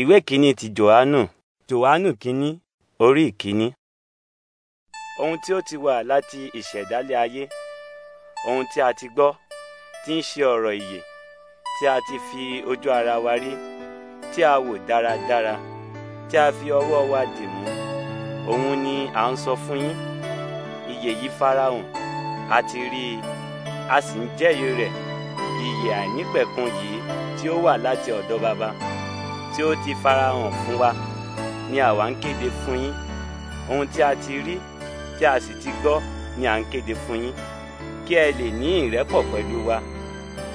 Ìwé kìíní ti Jòhánù. Jòhánù kìíní orí ìkíní. Ohun tí ó ti wà láti ìṣẹ̀dálẹ̀ ayé. Ohun tí a ti gbọ́ tí ń ṣe ọ̀rọ̀ ìyè tí a ti fi ojú ara wa rí tí a wò dáradára tí a fi ọwọ́ wa dì mú. Òun ni à ń sọ fún yín. Ìyè yìí farahàn. A ti rí i. A sì ń jẹ́rìí rẹ̀. Ìyè àìnípẹ̀kun yìí tí ó wà láti ọ̀dọ̀ Baba tí ó ti farahàn fún wa ni àwa ń kéde fún yín ohun tí a ti rí tí a sì ti gbọ́ ni à ń kéde fún yín kí ẹ lè ní ìrẹ́pọ̀ pẹ̀lú wa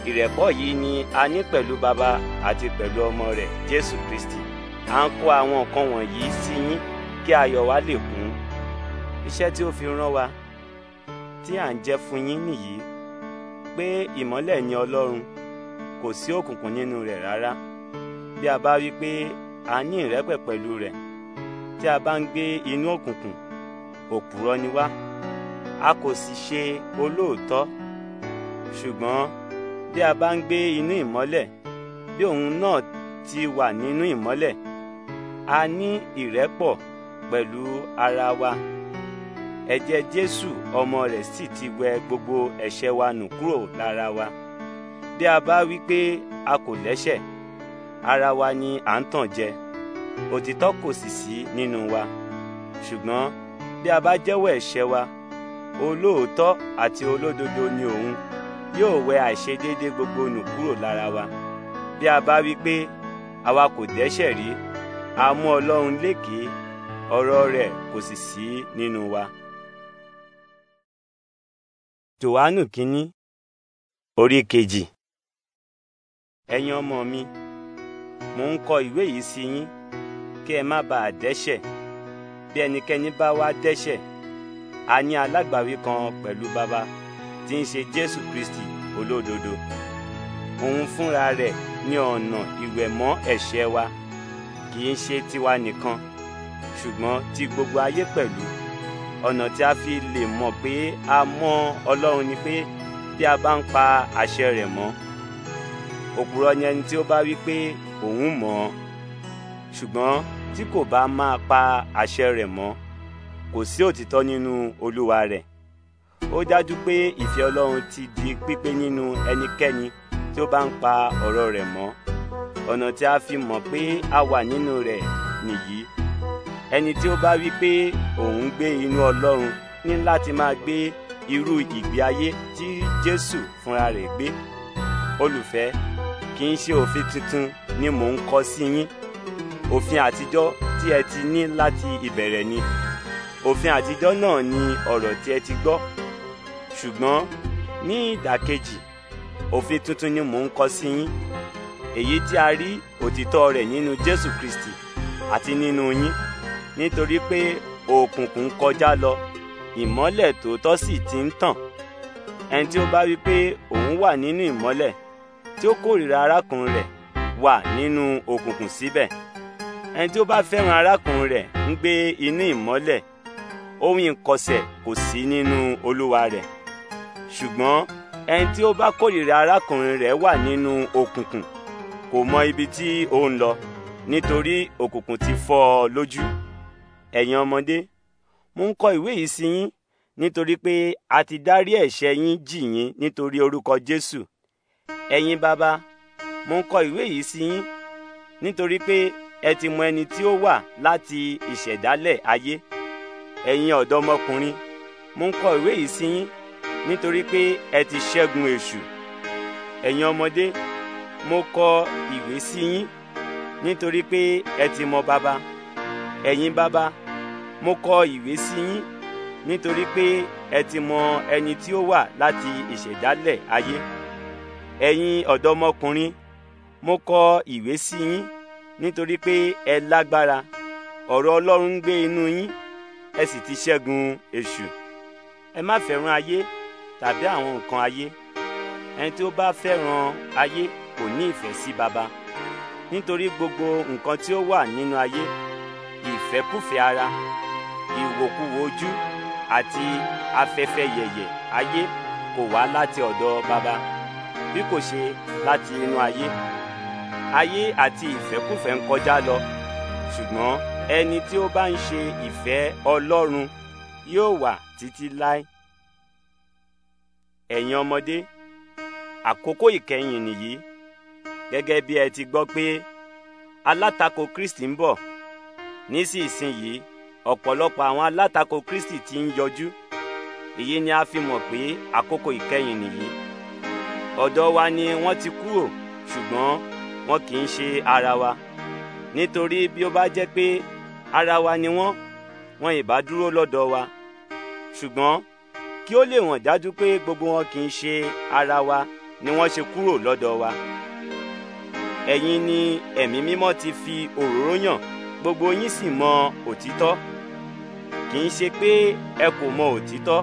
ìrẹ́pọ̀ yìí ni a ní pẹ̀lú baba àti pẹ̀lú ọmọ rẹ̀ Jésù Kristi à ń kó àwọn nǹkan wọ̀nyí sí yín kí ayọ̀ wa lè kún iṣẹ́ tí ó fi rán wa tí à ń jẹ́ fún yín nìyí pé ìmọ́lẹ̀ ni Ọlọ́run kò sí òkùnkùn nínú rẹ̀ rárá bí a bá rí i pé a ní ìrẹ́pẹ̀ pẹ̀lú rẹ̀ tí a bá ń gbé inú òkùnkùn òpùrọ́ ni wá a kò sì ṣe olóòótọ́ ṣùgbọ́n bí a bá ń gbé inú ìmọ́lẹ̀ bí òun náà ti wà nínú ìmọ́lẹ̀ a ní ìrẹ́pọ̀ pẹ̀lú ara wa ẹ̀jẹ̀ Jésù ọmọ rẹ̀ sì ti wẹ gbogbo ẹ̀ṣẹ̀ wa nù kúrò lára wa bí a bá wí pé a kò lẹ́ṣẹ̀ ara wa ni à ń tàn jẹ òtítọ́ kò sì sí nínú wa ṣùgbọ́n bí a bá jẹ́wọ́ ẹ̀ṣẹ̀ wa olóòótọ́ àti olódodo ni òun yóò wẹ àìṣedéédé gbogbo nù kúrò lára wa bí a bá wí pé àwa kò dẹ́ṣẹ̀ rí a mú ọlọ́run lékèé ọ̀rọ̀ rẹ̀ kò sì sí nínú wa. jòhánù kínní orí kejì ẹ̀yin ọmọ mi mò ń kọ ìwé yìí sí yín kí ẹ má bàa dẹ́ṣẹ̀ bí ẹnikẹ́ni bá wá dẹ́ṣẹ̀ a ní alágbàwí kan pẹ̀lú baba tí ń ṣe jésù kristi olódodo òun fúnra rẹ̀ ní ọ̀nà ìwẹ̀mọ́ ẹ̀ṣẹ̀ wa kì í ṣe tiwa nìkan ṣùgbọ́n ti gbogbo ayé pẹ̀lú ọ̀nà tí a fi lè mọ̀ pé a mọ̀ ọlọ́run ni pé bí a bá ń pa àṣẹ rẹ̀ mọ́ òpùrọ̀ ni ẹni tí ó bá wí pé òun mọ̀ ọ́n ṣùgbọ́n tí kò bá máa pa àṣẹ rẹ̀ mọ́ kò sí òtítọ́ nínú olúwa rẹ̀ ó dájú pé ìfẹ́ ọlọ́run ti di pípé nínú ẹnikẹ́ni tí ó bá ń pa ọ̀rọ̀ rẹ̀ mọ́ ọ̀nà tí a fi mọ̀ pé a wà nínú rẹ̀ nìyí ẹni tí ó bá wí pé òun gbé inú ọlọ́run ní láti máa gbé irú ìgbé ayé tí jésù fúnra rẹ̀ gbé olùfẹ́ kì í ṣe òfin tuntun ni mò ń kọ sí yín òfin àtijọ́ tí ẹ ti ní láti ìbẹ̀rẹ̀ ni òfin àtijọ́ náà ni ọ̀rọ̀ tí ẹ ti gbọ́ ṣùgbọ́n ní ìdàkejì òfin tuntun ni mò ń kọ sí yín èyí tí a rí òtítọ́ rẹ̀ nínú Jésù Kristi àti nínú yín nítorí pé òkùnkùn kọjá lọ ìmọ́lẹ̀ tòótọ́ sì ti ń tàn ẹni tí ó bá wí pé òun wà nínú ìmọ́lẹ̀ tí ó kórìíra arákùnrin rẹ̀ wà nínú òkùnkùn síbẹ̀ ẹni tí ó bá fẹ́ràn arákùnrin rẹ̀ ń gbé inú ìmọ́lẹ̀ ohun ìkọ̀sẹ̀ kò sí nínú olúwa rẹ̀ ṣùgbọ́n ẹni tí ó bá kórìíra arákùnrin rẹ̀ wà nínú òkùnkùn kò mọ ibi tí ó ń lọ nítorí òkùnkùn ti fọ́ ọ lójú ẹ̀yin ọmọdé mo ń kọ ìwé yìí sí yín nítorí pé a ti dárí ẹ̀ṣẹ̀ yín jì yín nítorí orúkọ Jésù ẹ̀yin bàbá mo ń kọ ìwé yìí sí yín nítorí pé ẹ ti mọ ẹni tí ó wà láti ìṣẹ̀dálẹ̀ ayé ẹ̀yin ọ̀dọ́mọkùnrin mo ń kọ ìwé yìí sí yín nítorí pé ẹ ti ṣẹ́gun èṣù ẹ̀yin ọmọdé mo kọ ìwé sí yín nítorí pé ẹ ti mọ bàbá ẹ̀yin bàbá mo kọ ìwé sí yín nítorí pé ẹ ti mọ ẹni tí ó wà láti ìṣẹ̀dálẹ̀ ayé ẹ̀yin ọ̀dọ́mọkùnrin mo kọ ìwé sí yín nítorí pé ẹ lágbára ọ̀rọ̀ ọlọ́run ń gbé inú yín ẹ sì ti ṣẹ́gun èṣù ẹ má fẹ́ràn ayé tàbí àwọn nǹkan ayé ẹni tí ó bá fẹ́ràn ayé kò ní ìfẹ́ sí baba nítorí gbogbo nǹkan tí ó wà nínú ayé ìfẹ́kùfẹ́ ara ìwòkuwò ojú àti afẹ́fẹ́ yẹ̀yẹ̀ ayé kò wá láti ọ̀dọ̀ baba bí kò ṣe láti inú ayé ayé àti ìfẹ́kùfẹ́ ń kọjá lọ ṣùgbọ́n ẹni tí ó bá ń ṣe ìfẹ́ Ọlọ́run yóò wà títí láé ẹ̀yin ọmọdé àkókò ìkẹyìn nìyí gẹ́gẹ́ bí ẹ ti gbọ́ pé alátakò Kristi ń bọ̀ nísinsìnyí ọ̀pọ̀lọpọ̀ àwọn alátakò Kristi ti ń yọjú èyí ni a fi mọ̀ pé àkókò ìkẹyìn nìyí ọ̀dọ̀ wa ni wọ́n ti kúrò ṣùgbọ́n wọn kì í ṣe ara wa nítorí bí ó bá jẹ́ pé ara wa ni wọ́n wọn ìbá dúró lọ́dọ̀ wa ṣùgbọ́n kí ó lè wọ̀n dájú pé gbogbo wọn kì í ṣe ara wa ni wọ́n ṣe kúrò lọ́dọ̀ wa ẹ̀yin ni ẹ̀mí mímọ́ ti fi òróró yàn gbogbo yín sì mọ òtítọ́ kì í ṣe pé ẹ kò mọ òtítọ́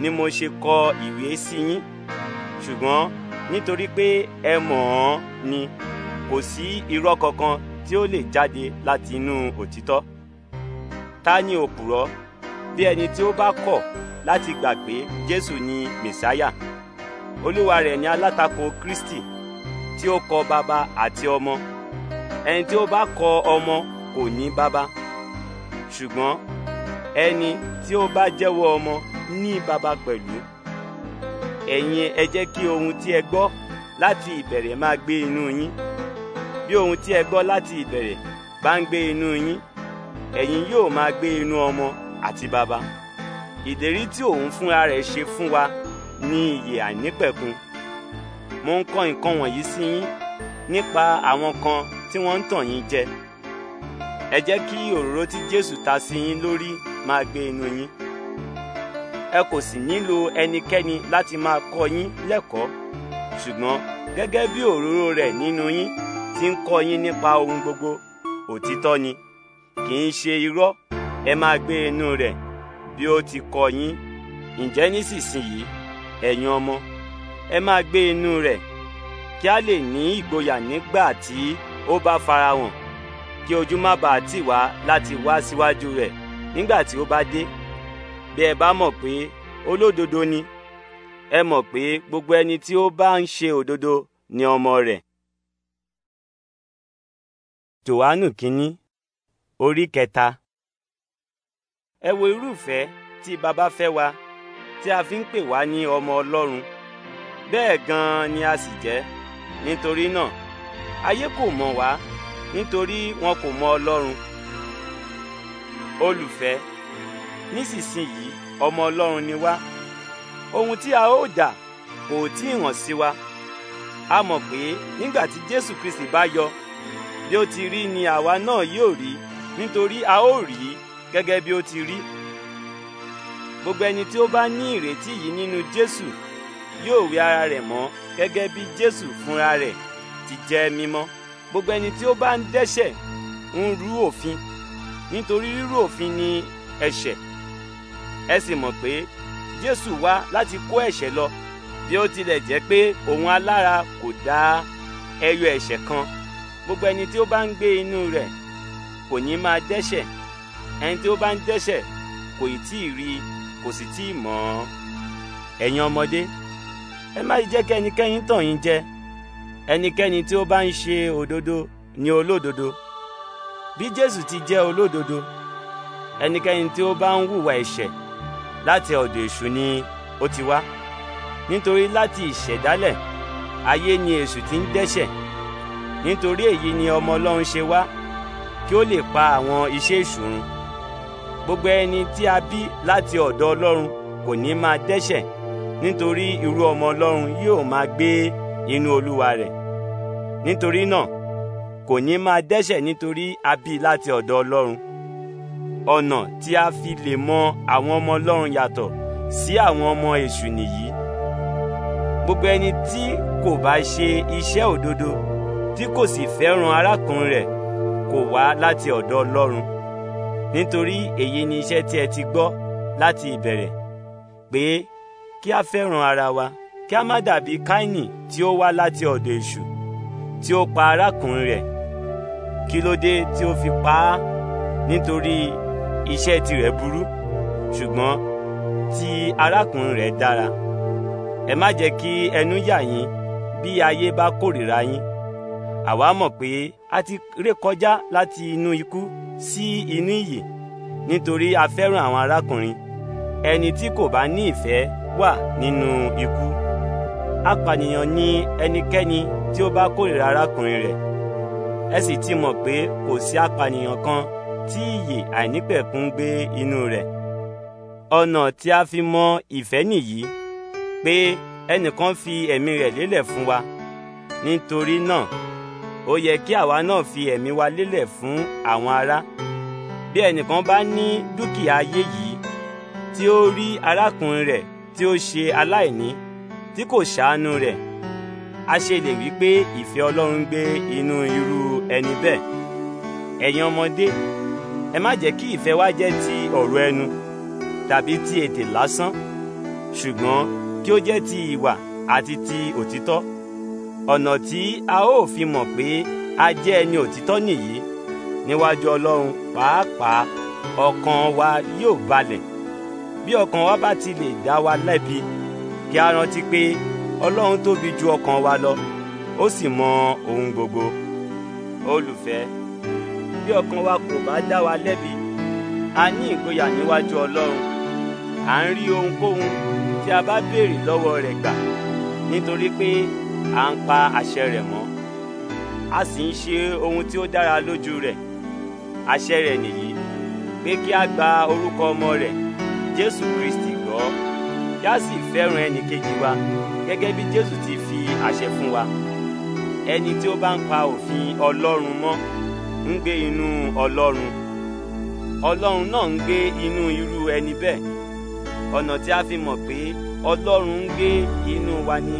ni mo ṣe kọ ìwé sí yín ṣùgbọ́n nítorí pé ẹ mọ̀ ọ́n ni kò sí irọ́ kankan tí ó lè jáde láti inú òtítọ́ ta ni òpùrọ́ bí ẹni tí ó bá kọ̀ láti gbà pé Jésù ni mẹsáyà olúwa rẹ̀ ni alátakò Kristi tí ó kọ̀ baba àti ọmọ ẹni tí ó bá kọ̀ ọmọ kò ní baba ṣùgbọ́n ẹni tí ó bá jẹ́wọ́ ọmọ ní baba pẹ̀lú ẹ̀yin ẹ jẹ́ kí ohun tí ẹ gbọ́ láti ìbẹ̀rẹ̀ máa gbé inú yín bí ohun tí ẹ gbọ́ láti ìbẹ̀rẹ̀ bá ń gbé inú yín ẹ̀yin yóò máa gbé inú ọmọ àti baba ìdérí tí òun fúnra rẹ̀ ṣe fún wa ní ìyè àìnípẹ̀kun mo ń kọ́ nǹkan wọ̀nyí sí yín nípa àwọn kan tí wọ́n ń tàn yín jẹ ẹ jẹ́ kí òróró tí Jésù ta sí yín lórí máa gbé inú yín ẹ kò sì nílò ẹnikẹ́ni láti máa kọ́ yín lẹ́kọ̀ọ́ ṣùgbọ́n gẹ́gẹ́ bí òróró rẹ̀ nínú yín ti ń kọ́ yín nípa ohun gbogbo òtítọ́ ni kì í ṣe irọ́ ẹ máa gbé inú rẹ̀ bí ó ti kọ́ yín ǹjẹ́ nísinsìnyí ẹ̀yin ọmọ ẹ máa gbé inú rẹ̀ kí a lè ní ìgboyà nígbà tí ó bá farahàn kí ojú má bàa tì wá láti wá síwájú rẹ̀ nígbà tí ó bá dé bí ẹ bá mọ̀ pé olódodo ni ẹ mọ̀ pé gbogbo ẹni tí ó bá ń ṣe òdodo ni ọmọ rẹ̀. Jòhánù kínní orí kẹta ẹ wo irúfẹ́ tí baba fẹ́ wa tí a fi ń pè wá ní ọmọ Ọlọ́run bẹ́ẹ̀ gan-an ni a sì jẹ́ nítorí náà ayé kò mọ̀ wá nítorí wọn kò mọ̀ Ọlọ́run olùfẹ́ nísinsìnyí ọmọ ọlọ́run ni wá ohun tí a ó jà kò tí ì hàn sí wa a mọ̀ pé nígbà tí jésù kristi bá yọ bí ó ti rí ni àwa náà yóò rí nítorí a ó rí gẹ́gẹ́ bí ó ti rí gbogbo ẹni tí ó bá ní ìrètí yìí nínú jésù yóò wí ara rẹ̀ mọ́ gẹ́gẹ́ bí jésù fúnra rẹ̀ ti jẹ́ mímọ́ gbogbo ẹni tí ó bá ń dẹ́ṣẹ̀ ń rú òfin nítorí rírú òfin ni ẹ̀ṣẹ̀ ẹ sì mọ̀ pé Jésù wá láti kó ẹ̀ṣẹ̀ lọ bí ó tilẹ̀ jẹ́ pé òun alára kò dá ẹyọ ẹ̀ṣẹ̀ kan gbogbo ẹni tí ó bá ń gbé inú rẹ̀ kò ní máa dẹ́ṣẹ̀ ẹni tí ó bá ń dẹ́ṣẹ̀ kò ì tí ì rí i kò sì tí ì mọ̀ ọ́n. ẹ̀yin ọmọdé ẹ má jẹ́ kí ẹnikẹ́ni tàn yín jẹ ẹnikẹ́ni tí ó bá ń ṣe òdodo ni olódodo bí Jésù ti jẹ́ olódodo ẹnikẹ́ni tí ó bá ń hùwà ẹ̀ṣẹ̀ láti ọ̀dọ̀ èṣù ni ó ti wá nítorí láti ìṣẹ̀dálẹ̀ ayé ni èṣù ti ń dẹ́ṣẹ̀ nítorí èyí ni ọmọ ọlọ́run ṣe wá kí ó lè pa àwọn iṣẹ́ èṣù run gbogbo ẹni tí a bí láti ọ̀dọ̀ ọlọ́run kò ní máa dẹ́ṣẹ̀ nítorí irú ọmọ ọlọ́run yóò máa gbé inú olúwa rẹ̀ nítorí náà kò ní máa dẹ́ṣẹ̀ nítorí a bí láti ọ̀dọ̀ ọlọ́run ọ̀nà tí a fi lè mọ àwọn ọmọ Ọlọ́run yàtọ̀ sí àwọn ọmọ èṣù nìyí gbogbo ẹni tí kò bá ṣe iṣẹ́ òdodo tí kò sì fẹ́ràn arákùnrin rẹ̀ kò wá láti ọ̀dọ̀ Ọlọ́run nítorí èyí ni iṣẹ́ tí ẹ ti gbọ́ láti ìbẹ̀rẹ̀ pé kí a fẹ́ràn ara wa kí a má dàbí Káínì tí ó wá láti ọ̀dọ̀ èṣù tí ó pa arákùnrin rẹ̀ kí ló dé tí ó fi pa á nítorí iṣẹ́ tirẹ̀ burú ṣùgbọ́n ti arákùnrin rẹ̀ dára ẹ má jẹ́ kí ẹnu yà yín bí ayé bá kórìíra yín àwa mọ̀ pé a ti rékọjá láti inú ikú sí inú ìyè nítorí a fẹ́ràn àwọn arákùnrin ẹni tí kò bá ní ìfẹ́ wà nínú ikú apànìyàn ni ẹnikẹ́ni tí ó bá kórìíra arákùnrin rẹ̀ ẹ sì ti mọ̀ pé kò sí apànìyàn kan tí ìyè àìnípẹ̀kun gbé inú rẹ̀ ọ̀nà tí a fi mọ ìfẹ́ nìyí pé ẹnìkan fi ẹ̀mí rẹ̀ lélẹ̀ fún wa nítorí náà ó yẹ kí àwa náà fi ẹ̀mí wa lélẹ̀ fún àwọn ará bí ẹnìkan bá ní dúkìá ayé yìí tí ó rí arákùnrin rẹ̀ tí ó ṣe aláìní tí kò ṣàánú rẹ̀ a ṣe lè wí pé ìfẹ́ Ọlọ́run gbé inú irú ẹni bẹ́ẹ̀ ẹ̀yin ọmọdé ẹ má jẹ́ kí ìfẹ́ wa jẹ́ ti ọ̀rọ̀ ẹnu tàbí ti ètè lásán ṣùgbọ́n kí ó jẹ́ ti ìwà àti ti òtítọ́ ọ̀nà tí a ó fi mọ̀ pé a jẹ́ ẹni òtítọ́ nìyí níwájú Ọlọ́run pàápàá ọkàn wa yóò balẹ̀ bí ọkàn wa bá ti lè dá wa lẹ́bi kí a rántí pé Ọlọ́run tóbi ju ọkàn wa lọ ó sì mọ ohun gbogbo olùfẹ́ bí ọkàn wa kò bá dá wa lẹ́bi a ní ìgboyà níwájú ọlọ́run à ń rí ohunkóhun tí a bá béèrè lọ́wọ́ rẹ̀ gbà nítorí pé à ń pa àṣẹ rẹ̀ mọ́ a sì ń ṣe ohun tí ó dára lójú rẹ̀ àṣẹ rẹ̀ nìyí pé kí a gba orúkọ ọmọ rẹ̀ jésù kristi gbọ́ kí a sì fẹ́ràn ẹnì kejì wa gẹ́gẹ́ bí jésù ti fi àṣẹ fún wa ẹni tí ó bá ń pa òfin ọlọ́run mọ́ ń gbé inú Ọlọ́run Ọlọ́run náà ń gbé inú irú ẹni bẹ́ẹ̀ ọ̀nà tí a fi mọ̀ pé Ọlọ́run ń gbé inú wa ni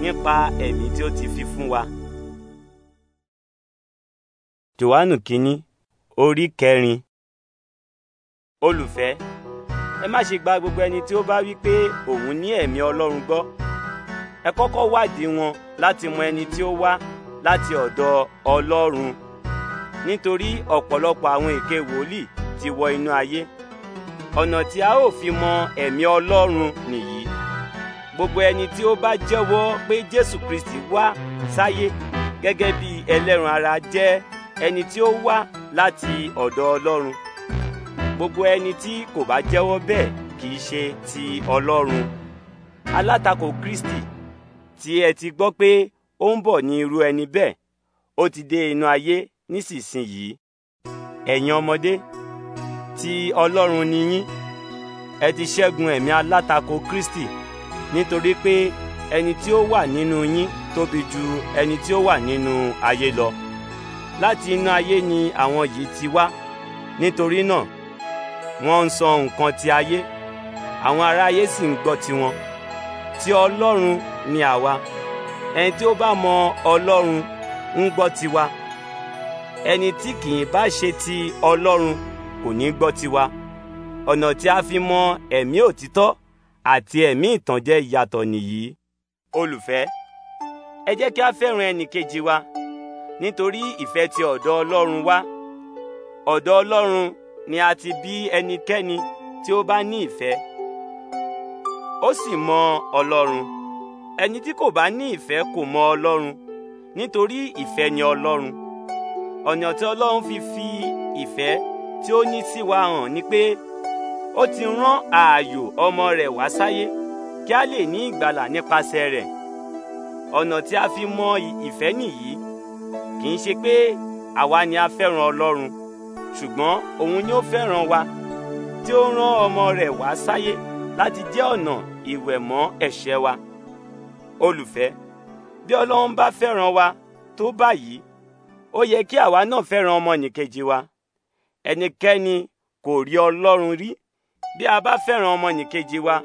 nípa ẹ̀mí tí ó ti fi fún wa. Jòhánù kínní orí kẹrin olùfẹ́ ẹ má ṣe gba gbogbo ẹni tí ó bá wí pé òun ní ẹ̀mí Ọlọ́run gbọ́ ẹ kọ́kọ́ wádìí wọn láti mọ ẹni tí ó wá láti ọ̀dọ̀ Ọlọ́run nítorí ọ̀pọ̀lọpọ̀ àwọn èké wòlíì ti wọ inú ayé ọ̀nà tí a ó fi mọ ẹ̀mí Ọlọ́run nìyí gbogbo ẹni tí ó bá jẹ́wọ́ pé Jésù Kristi wá sáyé gẹ́gẹ́ bí ẹlẹ́ran ara jẹ́ ẹni tí ó wá láti ọ̀dọ̀ Ọlọ́run gbogbo ẹni tí kò bá jẹ́wọ́ bẹ́ẹ̀ kì í ṣe ti Ọlọ́run alátakò Kristi tí ẹ ti gbọ́ pé ó ń bọ̀ ní irú ẹni bẹ́ẹ̀ ó ti dé inú ayé nísinsìnyí ẹ̀yin ọmọdé ti ọlọ́run ni yín ẹ ti ṣẹ́gun ẹ̀mí alátakò kristi nítorí pé ẹni tí ó wà nínú yín tóbi ju ẹni tí ó wà nínú ayé lọ láti inú ayé ni àwọn yìí ti wá nítorí náà wọ́n ń sọ nǹkan ti ayé àwọn aráyé sì ń gbọ́ tiwọn ti ọlọ́run ni àwa ẹni tí ó bá mọ ọlọ́run ń gbọ́ tiwa ẹni tí kì bá ṣe ti Ọlọ́run kò ní gbọ́ tiwa ọ̀nà tí a fi mọ ẹ̀mí òtítọ́ àti ẹ̀mí ìtànjẹ yàtọ̀ nìyí olùfẹ́ ẹ jẹ́ kí a fẹ́ràn ẹnìkejì wa nítorí ìfẹ́ ti ọ̀dọ̀ Ọlọ́run wá ọ̀dọ̀ Ọlọ́run ni a ti bí ẹnikẹ́ni tí ó bá ní ìfẹ́ ó sì mọ Ọlọ́run ẹni tí kò bá ní ìfẹ́ kò mọ Ọlọ́run nítorí ìfẹ́ ni Ọlọ́run ọ̀nà tí ọlọ́run fi fi ìfẹ́ tí ó ní sí wa hàn ni pé ó ti rán ààyò ọmọ rẹ̀ wá sáyé kí a lè ní ìgbàlà nípasẹ̀ rẹ̀ ọ̀nà tí a fi mọ ìfẹ́ nìyí kì í ṣe pé àwa ni a fẹ́ràn ọlọ́run ṣùgbọ́n òun ni ó fẹ́ràn wa tí ó rán ọmọ rẹ̀ wá sáyé láti jẹ́ ọ̀nà ìwẹ̀mọ́ ẹ̀ṣẹ̀ wa olùfẹ́ bí ọlọ́run bá fẹ́ràn wa tó báyìí ó yẹ kí àwa náà fẹ́ràn ọmọnìkejì wa ẹnikẹ́ni kò rí ọlọ́run rí bí a bá fẹ́ràn ọmọnìkejì wa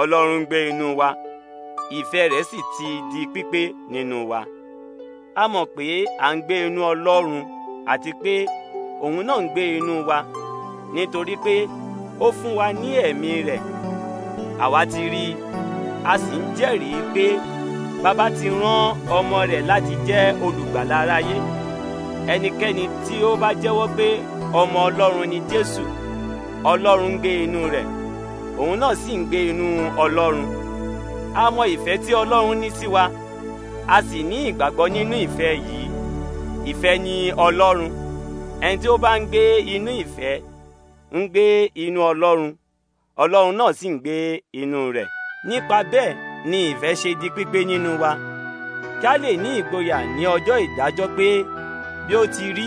ọlọ́run gbé inú wa ìfẹ́ rẹ̀ sì ti di pípé nínú wa a mọ̀ pé à ń gbé inú ọlọ́run àti pé òun náà ń gbé inú wa nítorí pé ó fún wa ní ẹ̀mí rẹ̀ àwa ti rí i a sì ń jẹ́rìí pé bàbá ti rán ọmọ rẹ̀ láti jẹ́ olùgbàlà aráyé. ẹnikẹ́ni tí ó bá jẹ́wọ́ pé ọmọ ọlọ́run ni jésù ọlọ́run ń gbé inú rẹ̀ òun náà sì ń gbé inú ọlọ́run a mọ ìfẹ́ tí ọlọ́run ní sí wa a sì ní ìgbàgbọ́ nínú ìfẹ́ yìí ìfẹ́ ni ọlọ́run ẹni tí ó bá ń gbé inú ìfẹ́ ń gbé inú ọlọ́run ọlọ́run náà sì ń gbé inú rẹ̀ nípa bẹ́ẹ̀ ni ìfẹ́ ṣe di pípé nínú wa kí a lè ní ìgboyà ní ọjọ́ ìdájọ́ pé bí ó ti rí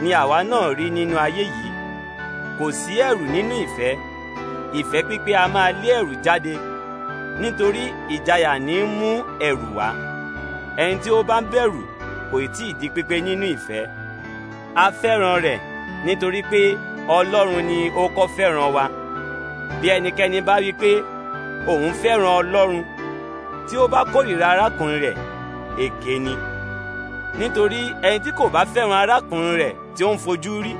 ni àwa náà rí nínú ayé yìí kò sí ẹ̀rù nínú ìfẹ́ ìfẹ́ pípé a máa lé ẹ̀rù jáde nítorí ìjayà ní í mú ẹ̀rù wá ẹni tí ó bá ń bẹ̀rù kò tí ì di pípé nínú ìfẹ́ a fẹ́ràn rẹ̀ nítorí pé Ọlọ́run ni ó kọ́ fẹ́ràn wa bí ẹnikẹ́ni bá wí pé òun fẹ́ràn Ọlọ́run tí ó bá kórìíra arákùnrin rẹ̀ èké ni nítorí ẹni tí kò bá fẹ́ràn arákùnrin rẹ̀ tí ó ń fojú rí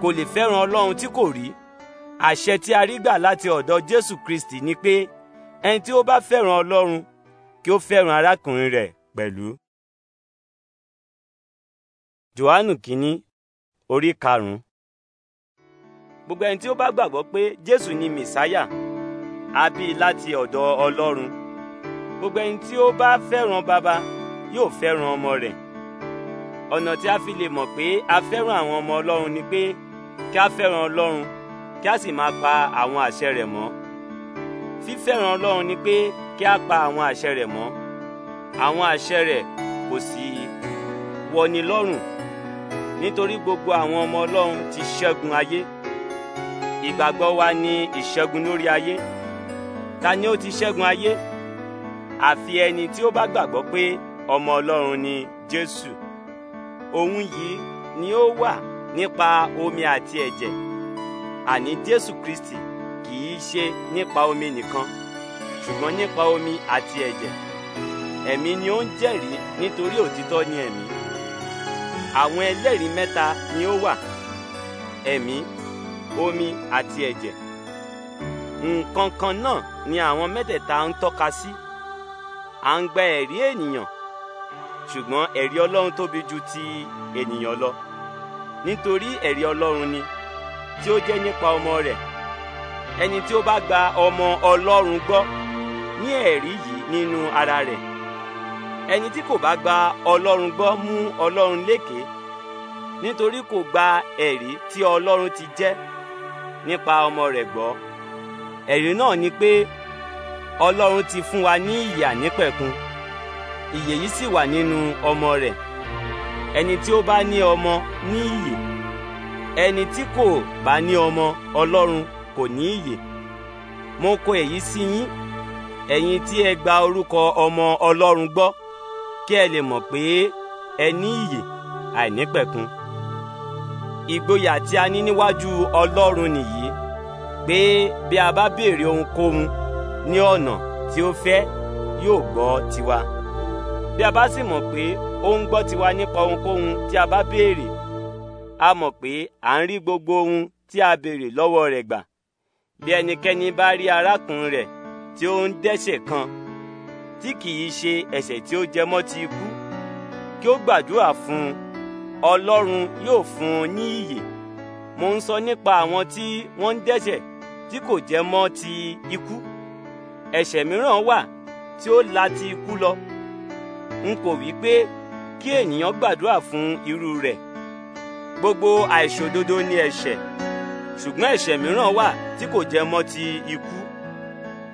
kò lè fẹ́ràn ọlọ́run tí kò rí àṣẹ tí a rí gbà láti ọ̀dọ̀ jésù kristi ni pé ẹni tí ó bá fẹ́ràn ọlọ́run kí ó fẹ́ràn arákùnrin rẹ̀ pẹ̀lú. johannu kínní orí karùn gbogbo ẹni tí ó bá gbàgbọ́ pé jésù ni mìsáyà á bí láti ọ̀dọ̀ ọlọ́run gbogbo ẹni tí ó bá fẹ́ràn baba yóò fẹ́ràn ọmọ rẹ̀ ọ̀nà tí a fi lè mọ̀ pé a fẹ́ràn àwọn ọmọ ọlọ́run ni pé kí a fẹ́ràn ọlọ́run kí a sì máa pa àwọn àṣẹ rẹ̀ mọ́ fífẹ́ràn ọlọ́run ni pé kí a pa àwọn àṣẹ rẹ̀ mọ́ àwọn àṣẹ rẹ̀ kò sì wọni lọ́rùn nítorí gbogbo àwọn ọmọ ọlọ́run ti ṣẹ́gun ayé ìgbàgbọ́ wa ni ìṣẹ́gun lórí ayé ta ni ó ti ṣẹ́gun ayé àfi ẹni tí ó bá gbàgbọ́ pé ọmọ ọlọ́run ni Jésù òun yìí ni ó wà nípa omi àti ẹ̀jẹ̀ àní Jésù Kristi kì í ṣe nípa omi nìkan ṣùgbọ́n nípa omi àti ẹ̀jẹ̀ ẹ̀mí ni ó ń jẹ́rìí nítorí òtítọ́ ni ẹ̀mí àwọn ẹlẹ́rìí mẹ́ta ni ó wà ẹ̀mí omi àti ẹ̀jẹ̀ nǹkan kan náà ni àwọn mẹ́tẹ̀ẹ̀ta ń tọ́ka sí à ń gba ẹ̀rí ènìyàn ṣùgbọ́n ẹ̀rí Ọlọ́run tóbi ju ti ènìyàn lọ nítorí ẹ̀rí Ọlọ́run ni tí ó jẹ́ nípa ọmọ rẹ̀ ẹni tí ó bá gba ọmọ Ọlọ́run gbọ́ ní ẹ̀rí yìí nínú ara rẹ̀ ẹni tí kò bá gba Ọlọ́run gbọ́ mú Ọlọ́run lékè nítorí kò gba ẹ̀rí tí Ọlọ́run ti jẹ́ nípa ọmọ rẹ̀ gbọ́ ẹ̀rí náà ni pé Ọlọ́run ti fún wa ní ìyà nípẹ̀kun ìyè yìí sì wà nínú ọmọ rẹ̀ ẹni tí ó bá ní ọmọ ní ìyè ẹni tí kò bá ní ọmọ Ọlọ́run kò ní ìyè mo kọ èyí sí yín ẹ̀yin tí ẹ gba orúkọ ọmọ Ọlọ́run gbọ́ kí ẹ lè mọ̀ pé ẹ ní ìyè àìnípẹ̀kun ìgboyà tí a ní níwájú Ọlọ́run nìyí pé bí a bá béèrè ohunkóhun ní ọ̀nà tí ó fẹ́ yóò gbọ́ tiwa bí a bá sì mọ̀ pé ó ń gbọ́ tiwa nípa ohunkóhun tí a bá béèrè a mọ̀ pé à ń rí gbogbo ohun tí a béèrè lọ́wọ́ rẹ̀ gbà bí ẹnikẹ́ni bá rí arákùnrin rẹ̀ tí ó ń dẹ́ṣẹ̀ kan tí kìí ṣe ẹ̀ṣẹ̀ tí ó jẹmọ́ ti ikú kí ó gbàdúrà fún un ọlọ́run yóò fún un ní ìyè mo ń sọ nípa àwọn tí wọ́n ń dẹ́ṣẹ̀ tí kò jẹmọ́ ti ikú ẹ̀ṣẹ̀ mìíràn wà tí ó la ti ikú lọ n kò wí pé kí ènìyàn gbàdúrà fún irú rẹ̀ gbogbo àìṣòdodo ni ẹ̀ṣẹ̀ ṣùgbọ́n ẹ̀ṣẹ̀ mìíràn wà tí kò jẹ mọ́ ti ikú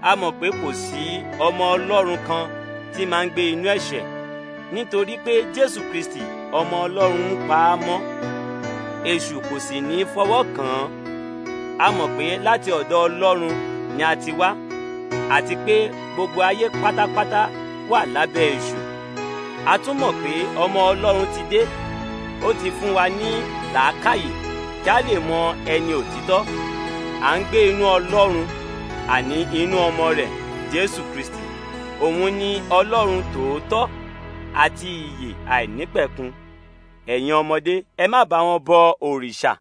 a mọ̀ pé kò sí ọmọ Ọlọ́run kan tí máa ń gbé inú ẹ̀ṣẹ̀ nítorí pé Jésù Kristi ọmọ Ọlọ́run ń pa á mọ́ èṣù kò sì ní fọwọ́ kàn án a mọ̀ pé láti ọ̀dọ̀ Ọlọ́run ni a ti wá àti pé gbogbo ayé pátápátá wà lábẹ́ èṣù a tún mọ̀ pé ọmọ ọlọ́run ti dé ó ti fún wa ní làákàyè kí a lè mọ ẹni òtítọ́ à ń gbé inú ọlọ́run àní inú ọmọ rẹ̀ jésù kristi òun ni ọlọ́run tòótọ́ àti ìyè àìnípẹ̀kun ẹ̀yin ọmọdé ẹ má bá wọn bọ òrìṣà